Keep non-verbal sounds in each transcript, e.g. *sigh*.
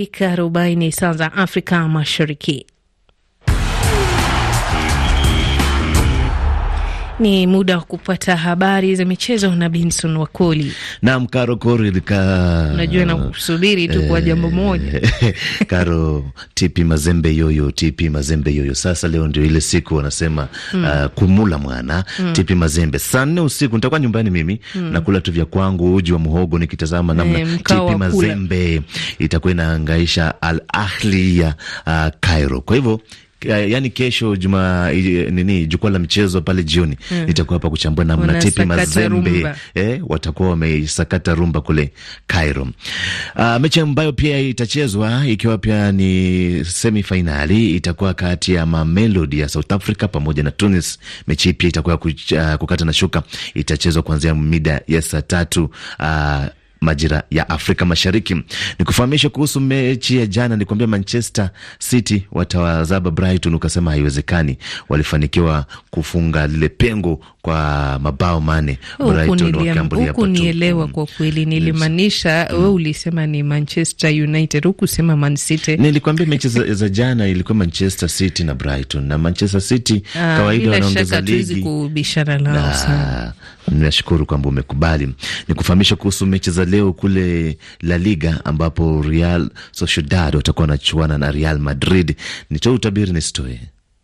dakika arobaini saa za Afrika Mashariki. Ni muda wa kupata habari za michezo na Benson Wakoli. Naam, Karo Kori ka na kusubiri tu kwa jambo eh, moja Karo *laughs* tipi mazembe yoyo, tipi mazembe yoyo. Sasa leo ndio ile siku wanasema mm. uh, kumula mwana mm. tipi mazembe saa nne usiku nitakuwa nyumbani mimi mm. nakula tu vya kwangu uji wa muhogo nikitazama namna e, eh, tipi mazembe itakuwa inaangaisha Al Ahli ya uh, Cairo. Kwa hivyo yani kesho juma nini jukwaa la michezo pale jioni mm. nitakuwa hapa kuchambua namna Tipi Mazembe eh, watakuwa wamesakata rumba kule Cairo. Uh, mechi ambayo pia itachezwa ikiwa pia ni semifinali itakuwa kati ya Mamelodi ya South Africa pamoja na Tunis. Mechi pia itakuwa kuch, uh, kukata na shuka, itachezwa kuanzia mida ya saa tatu uh, majira ya Afrika Mashariki. Ni kufahamisha kuhusu mechi ya jana, ni kuambia Manchester City watawazaba Brighton, ukasema haiwezekani. Walifanikiwa kufunga lile pengo kwa mabao mane. Hukunielewa mm. kwa kweli, nilimaanisha we mm. ulisema ni Manchester United, hukusema Man City. Nilikuambia mechi za, za jana ilikuwa Manchester City na Brighton, na Manchester City ah, kawaida wanaongeza ligi kubishana nao sana Nashukuru kwamba umekubali. Ni kufahamisha kuhusu mechi za leo kule La Liga, ambapo Real Sociedad watakuwa wanachuana na Real Madrid. Nitoe utabiri nisitoe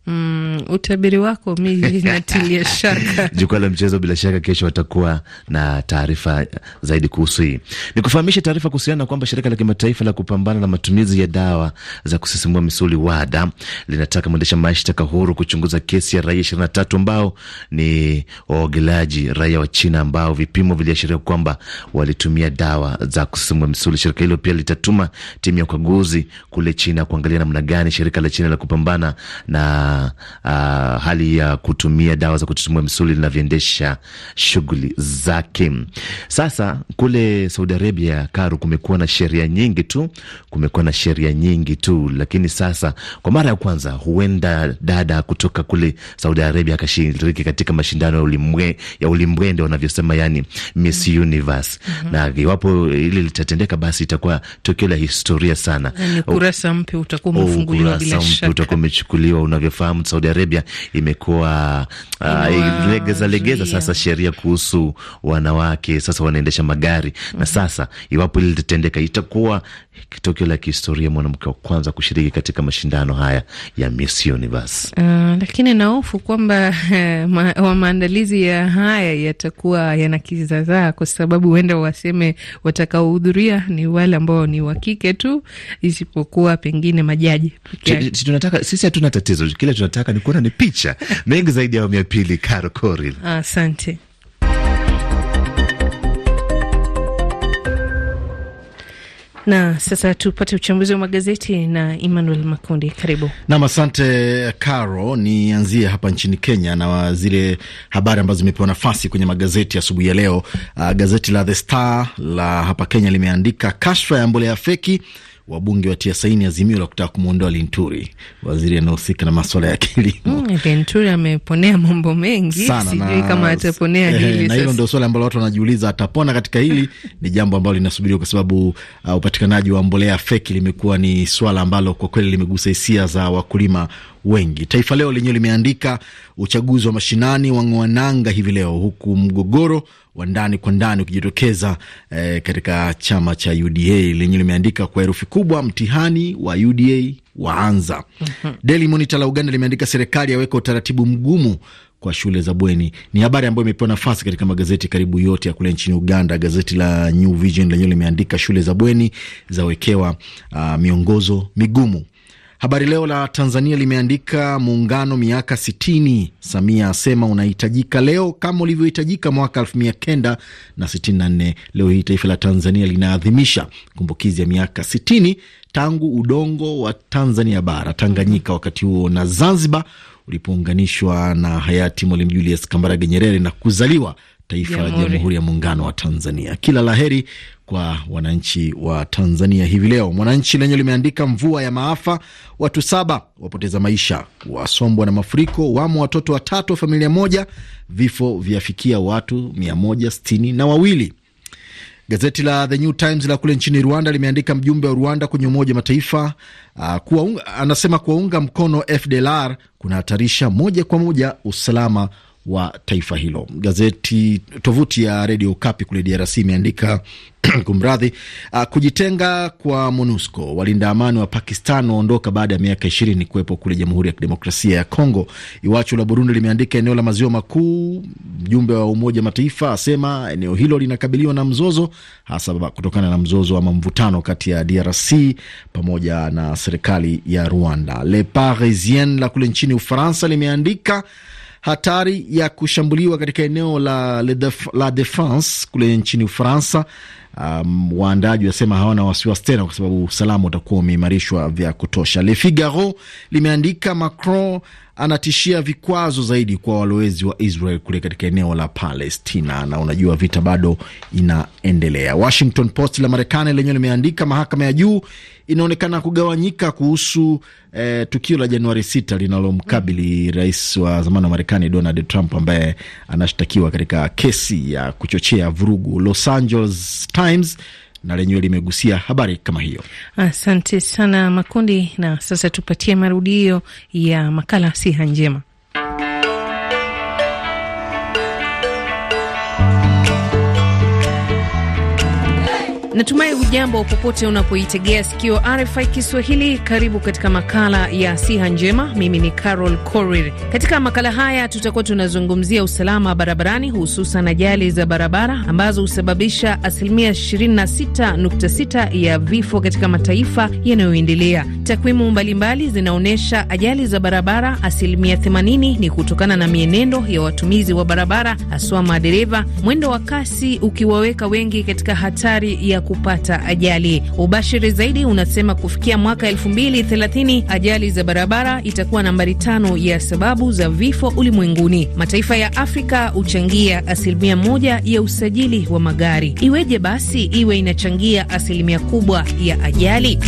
Mm, utabiri wako mi *laughs* natilia shaka. *laughs* Jukwaa la mchezo bila shaka kesho watakuwa na taarifa zaidi kuhusu hii. Ni kufahamisha taarifa kuhusiana na kwamba shirika la kimataifa la kupambana na matumizi ya dawa za kusisimua misuli WADA linataka mwendesha mashtaka huru kuchunguza kesi ya raia ishirini na tatu ambao ni waogelaji raia wa China ambao vipimo viliashiria kwamba walitumia dawa za kusisimua misuli. Shirika hilo pia litatuma timu ya ukaguzi kule China kuangalia namna gani shirika la China la kupambana na uh, hali ya kutumia dawa za kututumia msuli linavyoendesha shughuli zake. Sasa kule Saudi Arabia, Karu, kumekuwa na sheria nyingi tu, kumekuwa na sheria nyingi tu, lakini sasa kwa mara ya kwanza huenda dada kutoka kule Saudi Arabia akashiriki katika mashindano ya ulimwe, ya ulimwende wanavyosema, yani Miss Universe mm -hmm. na iwapo hili litatendeka, basi itakuwa tukio la historia sana. Kurasa mpya utakuwa umefunguliwa, oh, bila shaka utakuwa umechukuliwa unavyofaa tunafahamu Saudi Arabia imekuwa uh, legeza legeza sasa sheria kuhusu wanawake, sasa wanaendesha magari mm -hmm. Na mm-hmm. sasa iwapo hili litatendeka, itakuwa tokeo la kihistoria, mwanamke wa kwanza kushiriki katika mashindano haya ya Miss Universe. Uh, lakini naofu kwamba eh, ma, maandalizi ya haya yatakuwa yana kizazaa, kwa sababu huenda waseme watakaohudhuria ni wale ambao ni wa kike tu, isipokuwa pengine majaji. Tunataka sisi, hatuna tatizo kile tunataka ni kuona ni picha mengi zaidi ya awamu ya pili. Caro Coril, asante. Na sasa tupate uchambuzi wa magazeti na Emmanuel Makundi, karibu nam. Asante Caro, nianzie hapa nchini Kenya na zile habari ambazo zimepewa nafasi kwenye magazeti asubuhi ya, ya leo. Uh, gazeti la The Star la hapa Kenya limeandika kashfa ya mbolea feki wabunge watia saini azimio la kutaka kumwondoa Linturi, waziri anahusika na maswala ya kilimo. Mm, Linturi ameponea mambo mengi sana, sijui kama ataponea hili na hilo ndio swali ambalo watu wanajiuliza, atapona katika hili? *laughs* Ni jambo ambalo linasubiriwa kwa sababu uh, upatikanaji wa mbolea feki limekuwa ni swala ambalo kwa kweli limegusa hisia za wakulima wengi. Taifa Leo lenyewe limeandika uchaguzi wa mashinani wang'oananga hivi leo, huku mgogoro wa ndani kwa ndani ukijitokeza eh, katika chama cha UDA lenyewe limeandika kwa herufi kubwa mtihani wa UDA waanza. mm -hmm. Daily Monitor la Uganda limeandika serikali yaweka utaratibu mgumu kwa shule za bweni. Ni habari ambayo imepewa nafasi katika magazeti karibu yote ya kule nchini Uganda. Gazeti la New Vision lenyewe limeandika shule za bweni zawekewa uh, miongozo migumu. Habari Leo la Tanzania limeandika muungano miaka 60, Samia asema unahitajika leo kama ulivyohitajika mwaka 1964. Leo hii taifa la Tanzania linaadhimisha kumbukizi ya miaka 60 tangu udongo wa Tanzania bara Tanganyika, wakati huo na Zanzibar ulipounganishwa na hayati Mwalimu Julius Kambarage Nyerere na kuzaliwa taifa la Jamhuri ya Muungano wa Tanzania. Kila laheri kwa wananchi wa Tanzania hivi leo. Mwananchi lenye limeandika mvua ya maafa, watu saba wapoteza maisha, wasombwa na mafuriko, wamo watoto watatu wa familia moja, vifo vyafikia watu mia moja sitini na wawili. Gazeti la The New Times la kule nchini Rwanda limeandika mjumbe wa Rwanda kwenye Umoja wa Mataifa uh, kuwaunga, anasema kuwaunga mkono FDLR kunahatarisha moja kwa moja usalama wa taifa hilo. Gazeti tovuti ya redio Kapi kule DRC imeandika *clears throat* kumradhi, uh, kujitenga kwa MONUSCO. Walinda amani wa Pakistan waondoka baada ya miaka ishirini kuwepo kule Jamhuri ya Kidemokrasia ya Kongo. Iwachu la Burundi limeandika eneo la maziwa makuu, mjumbe wa Umoja Mataifa asema eneo hilo linakabiliwa na mzozo, hasa kutokana na mzozo ama mvutano kati ya DRC pamoja na serikali ya Rwanda. Le Parisien la kule nchini Ufaransa limeandika hatari ya kushambuliwa katika eneo la La Defense kule nchini Ufaransa. Um, waandaji wasema hawana wasiwasi tena kwa sababu usalama utakuwa umeimarishwa vya kutosha. Le Figaro limeandika Macron anatishia vikwazo zaidi kwa walowezi wa Israel kule katika eneo la Palestina, na unajua vita bado inaendelea. Washington Post la Marekani lenyewe limeandika mahakama ya juu inaonekana kugawanyika kuhusu eh, tukio la Januari sita linalomkabili rais wa zamani wa Marekani Donald Trump ambaye anashtakiwa katika kesi ya kuchochea vurugu. Los Angeles Times na lenyewe limegusia habari kama hiyo. Asante sana Makundi, na sasa tupatie marudio ya makala siha njema. Natumai hujambo popote unapoitegea sikio RFI Kiswahili. Karibu katika makala ya siha njema. Mimi ni Carol Korir. Katika makala haya tutakuwa tunazungumzia usalama barabarani, hususan ajali za barabara ambazo husababisha asilimia 26.6 ya vifo katika mataifa yanayoendelea. Takwimu mbalimbali zinaonyesha ajali za barabara asilimia 80 ni kutokana na mienendo ya watumizi wa barabara, haswa madereva, mwendo wa kasi ukiwaweka wengi katika hatari ya kupata ajali. Ubashiri zaidi unasema kufikia mwaka 2030 ajali za barabara itakuwa nambari tano ya sababu za vifo ulimwenguni. Mataifa ya Afrika huchangia asilimia moja ya usajili wa magari. Iweje basi iwe inachangia asilimia kubwa ya ajali?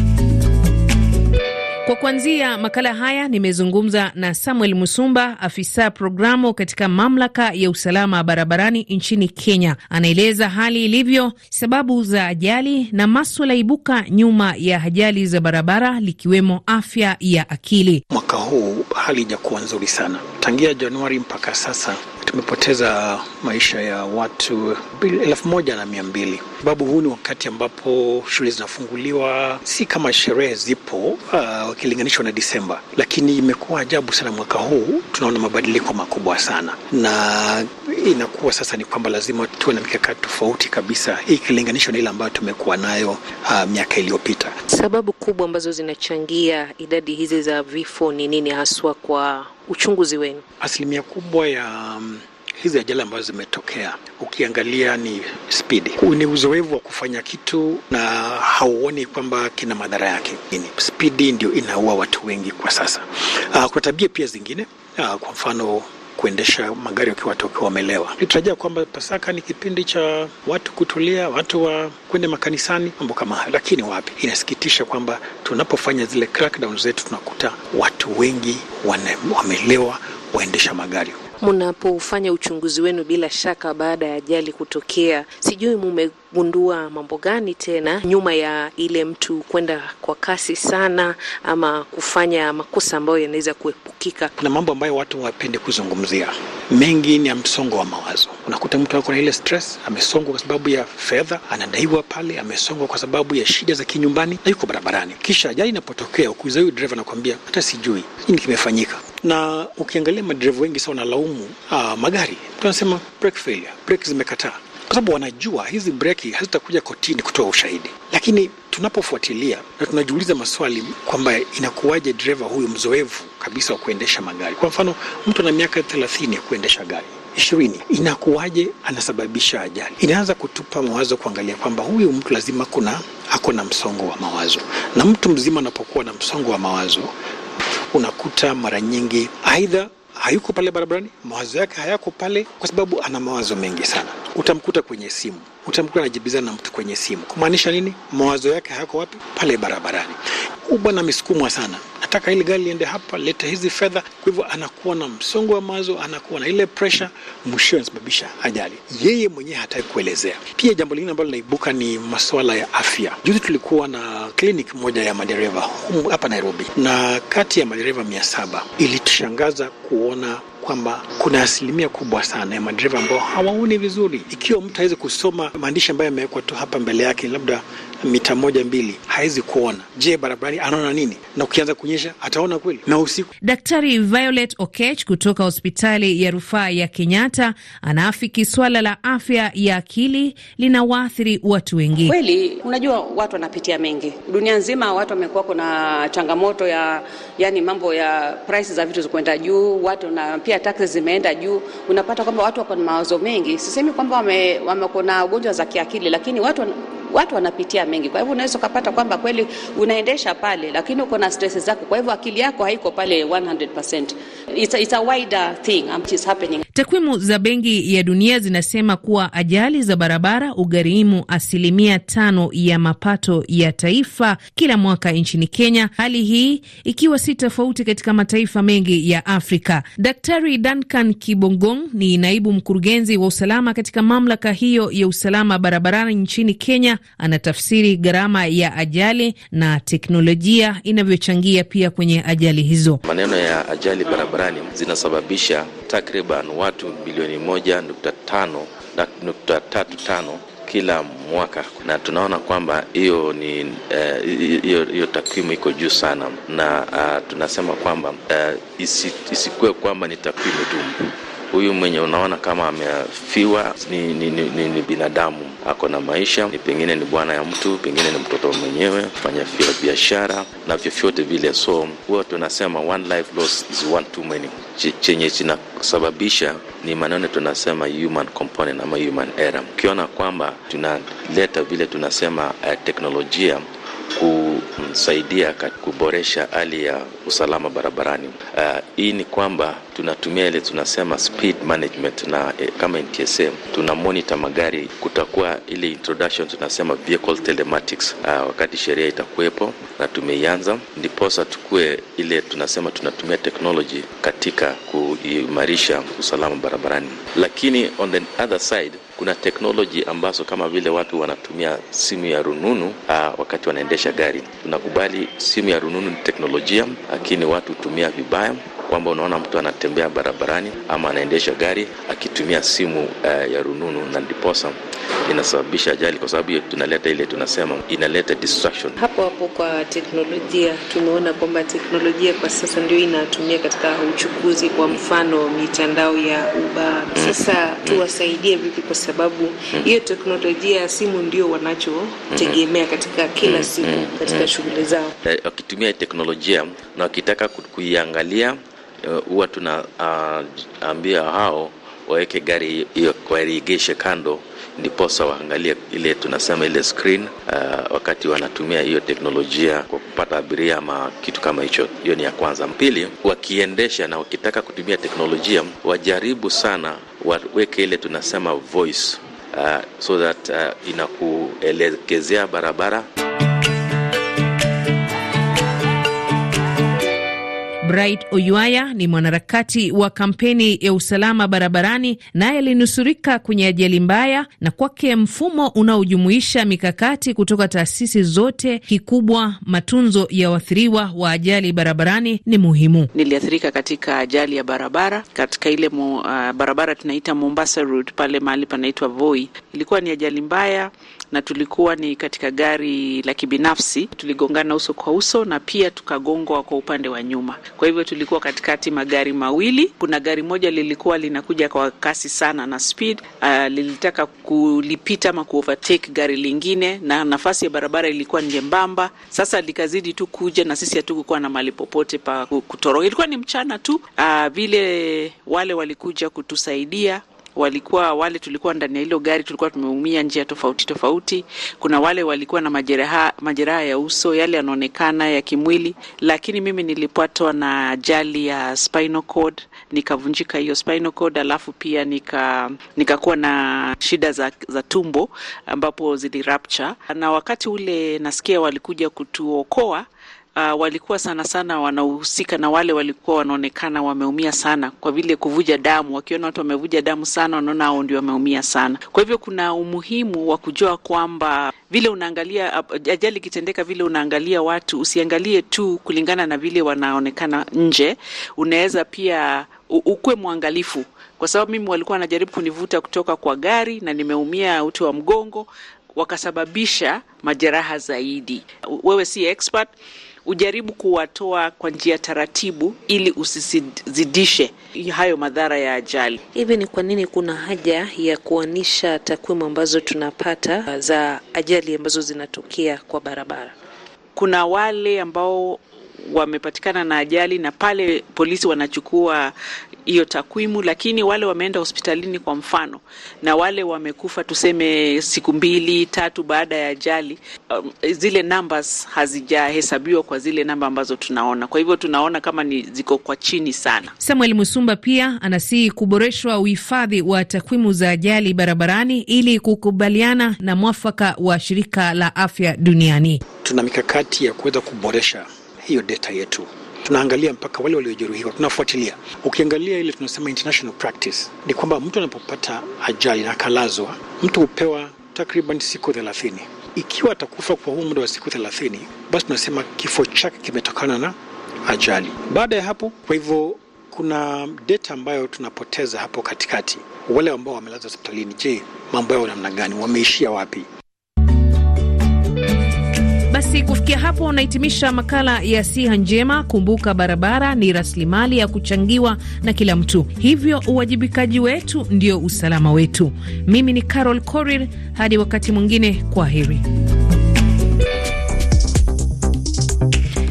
Kwa kuanzia makala haya nimezungumza na Samuel Musumba, afisa programu katika mamlaka ya usalama barabarani nchini Kenya. Anaeleza hali ilivyo, sababu za ajali na maswala ibuka nyuma ya ajali za barabara, likiwemo afya ya akili. Mwaka huu hali ijakuwa nzuri sana tangia Januari mpaka sasa tumepoteza maisha ya watu elfu moja na mia mbili sababu huu ni wakati ambapo shule zinafunguliwa, si kama sherehe zipo uh, wakilinganishwa uh, na Disemba, lakini imekuwa ajabu sana mwaka huu. Tunaona mabadiliko makubwa sana, na inakuwa sasa ni kwamba lazima tuwe na mikakati tofauti kabisa, hii ikilinganishwa na ile ambayo tumekuwa nayo uh, miaka iliyopita. Sababu kubwa ambazo zinachangia idadi hizi za vifo ni nini haswa kwa uchunguzi wenu? Asilimia kubwa ya mm, hizi ajali ambazo zimetokea ukiangalia ni spidi, ni uzoefu wa kufanya kitu na hauoni kwamba kina madhara yake. Spidi ndio inaua watu wengi kwa sasa. Ah, kwa tabia pia zingine, ah, kwa mfano kuendesha magari wakiwa watu wakiwa wamelewa. Nitarajia kwamba Pasaka ni kipindi cha watu kutulia, watu wa kwende makanisani, mambo kama hayo, lakini wapi, inasikitisha kwamba tunapofanya zile crackdown zetu tunakuta watu wengi wamelewa waendesha magari mnapofanya uchunguzi wenu bila shaka baada ya ajali kutokea, sijui mumegundua mambo gani tena nyuma ya ile mtu kwenda kwa kasi sana ama kufanya makosa ambayo yanaweza kuepukika? Kuna mambo ambayo watu wapende kuzungumzia mengi ni ya msongo wa mawazo. Unakuta mtu ako na ile stress, amesongwa kwa sababu ya fedha, anadaiwa pale, amesongwa kwa sababu ya shida za kinyumbani na yuko barabarani, kisha ajali inapotokea, ukiuza huyu dereva anakuambia hata sijui nini kimefanyika. Na ukiangalia madereva wengi sana wanalaumu ah, magari, anasema brake failure, brake zimekataa kwa sababu wanajua hizi breki hazitakuja kotini kutoa ushahidi, lakini tunapofuatilia na tunajiuliza maswali kwamba inakuwaje dereva huyu mzoevu kabisa wa kuendesha magari. Kwa mfano, mtu ana miaka thelathini ya kuendesha gari ishirini, inakuwaje anasababisha ajali? Inaanza kutupa mawazo kuangalia kwamba huyu mtu lazima kuna ako na msongo wa mawazo, na mtu mzima anapokuwa na msongo wa mawazo unakuta mara nyingi aidha hayuko pale barabarani, mawazo yake hayako pale, kwa sababu ana mawazo mengi sana. Utamkuta kwenye simu, utamkuta anajibizana na mtu kwenye simu. Kumaanisha nini? Mawazo yake hayako wapi? Pale barabarani. Huyu na amesukumwa sana nataka hili gari liende hapa, leta hizi fedha. Kwa hivyo anakuwa na msongo wa mawazo, anakuwa na ile pressure, mwishowe anasababisha ajali. Yeye mwenyewe hataki kuelezea. Pia jambo lingine ambalo linaibuka ni masuala ya afya. Juzi tulikuwa na clinic moja ya madereva hapa Nairobi, na kati ya madereva mia saba ilitushangaza kuona kwamba kuna asilimia kubwa sana ya madereva ambao hawaoni vizuri. Ikiwa mtu aweze kusoma maandishi ambayo yamewekwa tu hapa mbele yake, labda mita moja mbili hawezi kuona. Je, barabarani anaona nini? Na ukianza kunyesha ataona kweli? Na usiku. Daktari Violet Okech kutoka hospitali ya rufaa ya Kenyatta anaafiki swala la afya ya akili linawaathiri watu wengi. Kweli, unajua watu wanapitia mengi dunia nzima, watu wamekuwa kuna changamoto ya yani mambo ya prices za vitu zikuenda juu, watu na pia taxes zimeenda juu. Unapata kwamba watu wako na mawazo mengi. Sisemi kwamba wamekuwa na ugonjwa za kiakili, lakini watu watu wanapitia mengi. Kwa hivyo unaweza ukapata kwamba kweli unaendesha pale, lakini uko na stress zako, kwa hivyo akili yako haiko pale 100%. It's a, it's a wider thing which is happening. Takwimu za Benki ya Dunia zinasema kuwa ajali za barabara ugharimu asilimia tano ya mapato ya taifa kila mwaka nchini Kenya, hali hii ikiwa si tofauti katika mataifa mengi ya Afrika. Daktari Duncan Kibongong ni naibu mkurugenzi wa usalama katika mamlaka hiyo ya usalama barabarani nchini Kenya anatafsiri gharama ya ajali na teknolojia inavyochangia pia kwenye ajali hizo. Maneno ya ajali barabarani zinasababisha takriban watu bilioni moja nukta tano nukta tatu tano kila mwaka na tunaona kwamba hiyo ni eh, hiyo takwimu iko juu sana, na uh, tunasema kwamba uh, isi, isikuwe kwamba ni takwimu tu huyu mwenye unaona kama amefiwa ni, ni, ni, ni, ni binadamu ako na maisha, ni pengine ni bwana ya mtu, pengine ni mtoto mwenyewe, fanya biashara na vyovyote vile. So huwa tunasema one life loss is one too many. Chenye chinasababisha ni maneno tunasema human component ama human error. Ukiona kwamba tunaleta vile tunasema uh, teknolojia kumsaidia kuboresha hali ya usalama barabarani. Uh, hii ni kwamba tunatumia ile tunasema speed management na eh, kama NTSA tuna monitor magari. Kutakuwa ile introduction tunasema vehicle telematics uh, wakati sheria itakuwepo na tumeianza, ndiposa tukue ile tunasema tunatumia technology katika kuimarisha usalama barabarani, lakini on the other side kuna teknoloji ambazo kama vile watu wanatumia simu ya rununu aa, ah, wakati wanaendesha gari. Tunakubali simu ya rununu ni teknolojia, lakini watu hutumia vibaya, kwamba unaona mtu anatembea barabarani ama anaendesha gari akitumia simu aa, eh, ya rununu na ndiposa inasababisha ajali, kwa sababu tunaleta ile tunasema inaleta distraction. Hapo hapo kwa teknolojia, tumeona kwamba teknolojia kwa sasa ndio inatumia katika uchukuzi, kwa mfano mitandao ya Uber. Mm. Sasa mm. tuwasaidie vipi? Kwa sababu mm. hiyo teknolojia ya simu ndio wanachotegemea mm-hmm. katika kila mm-hmm. siku mm-hmm. katika shughuli zao, eh, wakitumia teknolojia na wakitaka kuiangalia eh, huwa uh, tunaambia ah, uh, hao waweke gari hiyo, waegeshe kando ndiposa waangalie ile tunasema ile screen uh, wakati wanatumia hiyo teknolojia kwa kupata abiria ama kitu kama hicho. Hiyo ni ya kwanza. Pili, wakiendesha na wakitaka kutumia teknolojia wajaribu sana waweke ile tunasema voice uh, so that uh, inakuelekezea barabara Bright Oyuaya ni mwanaharakati wa kampeni ya usalama barabarani, naye alinusurika kwenye ajali mbaya, na kwake mfumo unaojumuisha mikakati kutoka taasisi zote, kikubwa matunzo ya waathiriwa wa ajali barabarani ni muhimu. Niliathirika katika ajali ya barabara katika ile mu, uh, barabara tunaita Mombasa Road pale mahali panaitwa Voi. Ilikuwa ni ajali mbaya na tulikuwa ni katika gari la kibinafsi. Tuligongana uso kwa uso na pia tukagongwa kwa upande wa nyuma. Kwa hivyo tulikuwa katikati magari mawili. Kuna gari moja lilikuwa linakuja kwa kasi sana na speed. Uh, lilitaka kulipita ama kuovertake gari lingine, na nafasi ya barabara ilikuwa nyembamba. Sasa likazidi tu kuja, na sisi hatukukuwa na mali popote pa kutoroka. Ilikuwa ni mchana tu. Uh, vile wale walikuja kutusaidia walikuwa wale tulikuwa ndani ya hilo gari tulikuwa tumeumia njia tofauti tofauti. Kuna wale walikuwa na majeraha, majeraha ya uso yale yanaonekana ya kimwili, lakini mimi nilipatwa na ajali ya spinal cord, nikavunjika hiyo spinal cord, alafu pia nika nikakuwa na shida za, za tumbo ambapo zilirapture, na wakati ule nasikia walikuja kutuokoa uh, walikuwa sana sana wanahusika na wale walikuwa wanaonekana wameumia sana kwa vile kuvuja damu. Wakiona watu wamevuja damu sana, wanaona hao ndio wameumia sana. Kwa hivyo kuna umuhimu wa kujua kwamba vile unaangalia ajali ikitendeka, vile unaangalia watu, usiangalie tu kulingana na vile wanaonekana nje. Unaweza pia ukuwe mwangalifu, kwa sababu mimi walikuwa wanajaribu kunivuta kutoka kwa gari na nimeumia uti wa mgongo, wakasababisha majeraha zaidi. Wewe si expert ujaribu kuwatoa kwa njia taratibu, ili usizidishe hayo madhara ya ajali. Hivi ni kwa nini kuna haja ya kuanisha takwimu ambazo tunapata za ajali ambazo zinatokea kwa barabara? Kuna wale ambao wamepatikana na ajali, na pale polisi wanachukua hiyo takwimu, lakini wale wameenda hospitalini kwa mfano, na wale wamekufa tuseme siku mbili tatu baada ya ajali, um, zile numbers hazijahesabiwa kwa zile namba ambazo tunaona. Kwa hivyo tunaona kama ni ziko kwa chini sana. Samuel Musumba pia anasihi kuboreshwa uhifadhi wa takwimu za ajali barabarani ili kukubaliana na mwafaka wa shirika la afya duniani. Tuna mikakati ya kuweza kuboresha hiyo data yetu tunaangalia mpaka wale waliojeruhiwa, tunafuatilia. Ukiangalia ile tunasema international practice ni kwamba mtu anapopata ajali na akalazwa, mtu hupewa takriban siku thelathini. Ikiwa atakufa kwa huu muda wa siku thelathini, basi tunasema kifo chake kimetokana na ajali. Baada ya hapo, kwa hivyo kuna data ambayo tunapoteza hapo katikati. Wale ambao wamelazwa hospitalini, je, mambo yao namna gani? Wameishia wapi? Basi kufikia hapo unahitimisha makala ya siha njema. Kumbuka, barabara ni rasilimali ya kuchangiwa na kila mtu, hivyo uwajibikaji wetu ndio usalama wetu. Mimi ni Carol Korir, hadi wakati mwingine, kwa heri.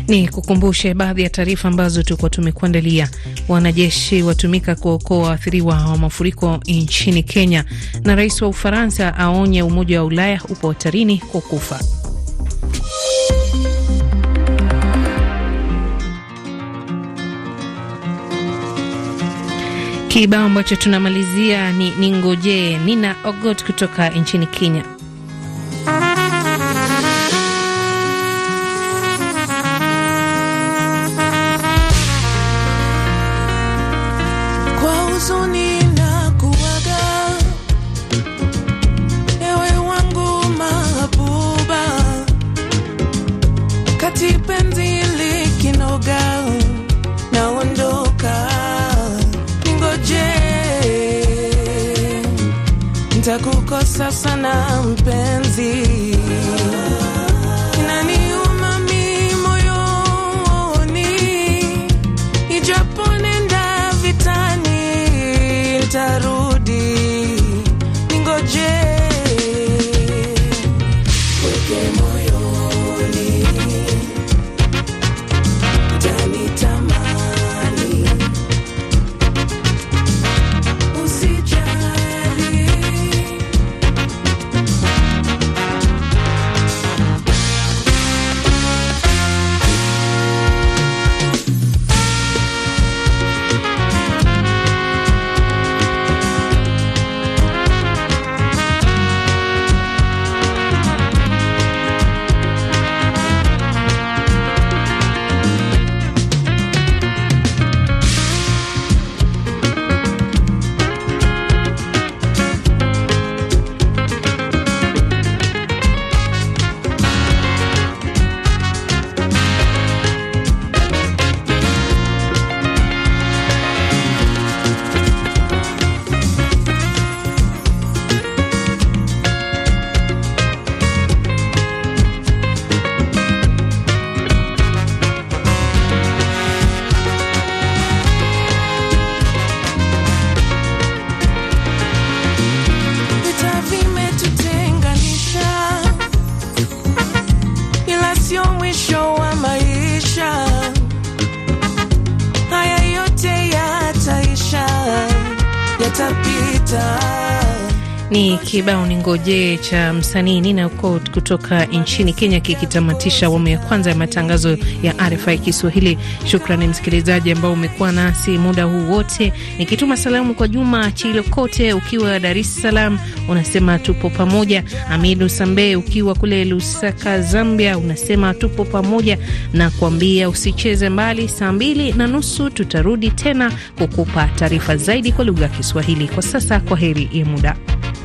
Ni kukumbushe baadhi ya taarifa ambazo tulikuwa tumekuandalia. Wanajeshi watumika kuokoa waathiriwa wa mafuriko nchini Kenya, na rais wa Ufaransa aonye Umoja wa Ulaya upo hatarini kwa kufa. Kibao ambacho tunamalizia ni ningojee Nina Ogot kutoka nchini Kenya. nitakukosa sana mpenzi Ni kibao ni ngojee cha msanii Nina uko kutoka nchini Kenya, kikitamatisha awamu ya kwanza ya matangazo ya RFI Kiswahili. Shukrani msikilizaji ambao umekuwa nasi muda huu wote, nikituma salamu kwa Juma Chilo kote ukiwa Dar es Salaam, unasema tupo pamoja. Amidu Sambe ukiwa kule Lusaka, Zambia, unasema tupo pamoja na kuambia usicheze mbali, saa mbili na nusu tutarudi tena kukupa taarifa zaidi kwa lugha ya Kiswahili. Kwa sasa, kwa heri ya muda.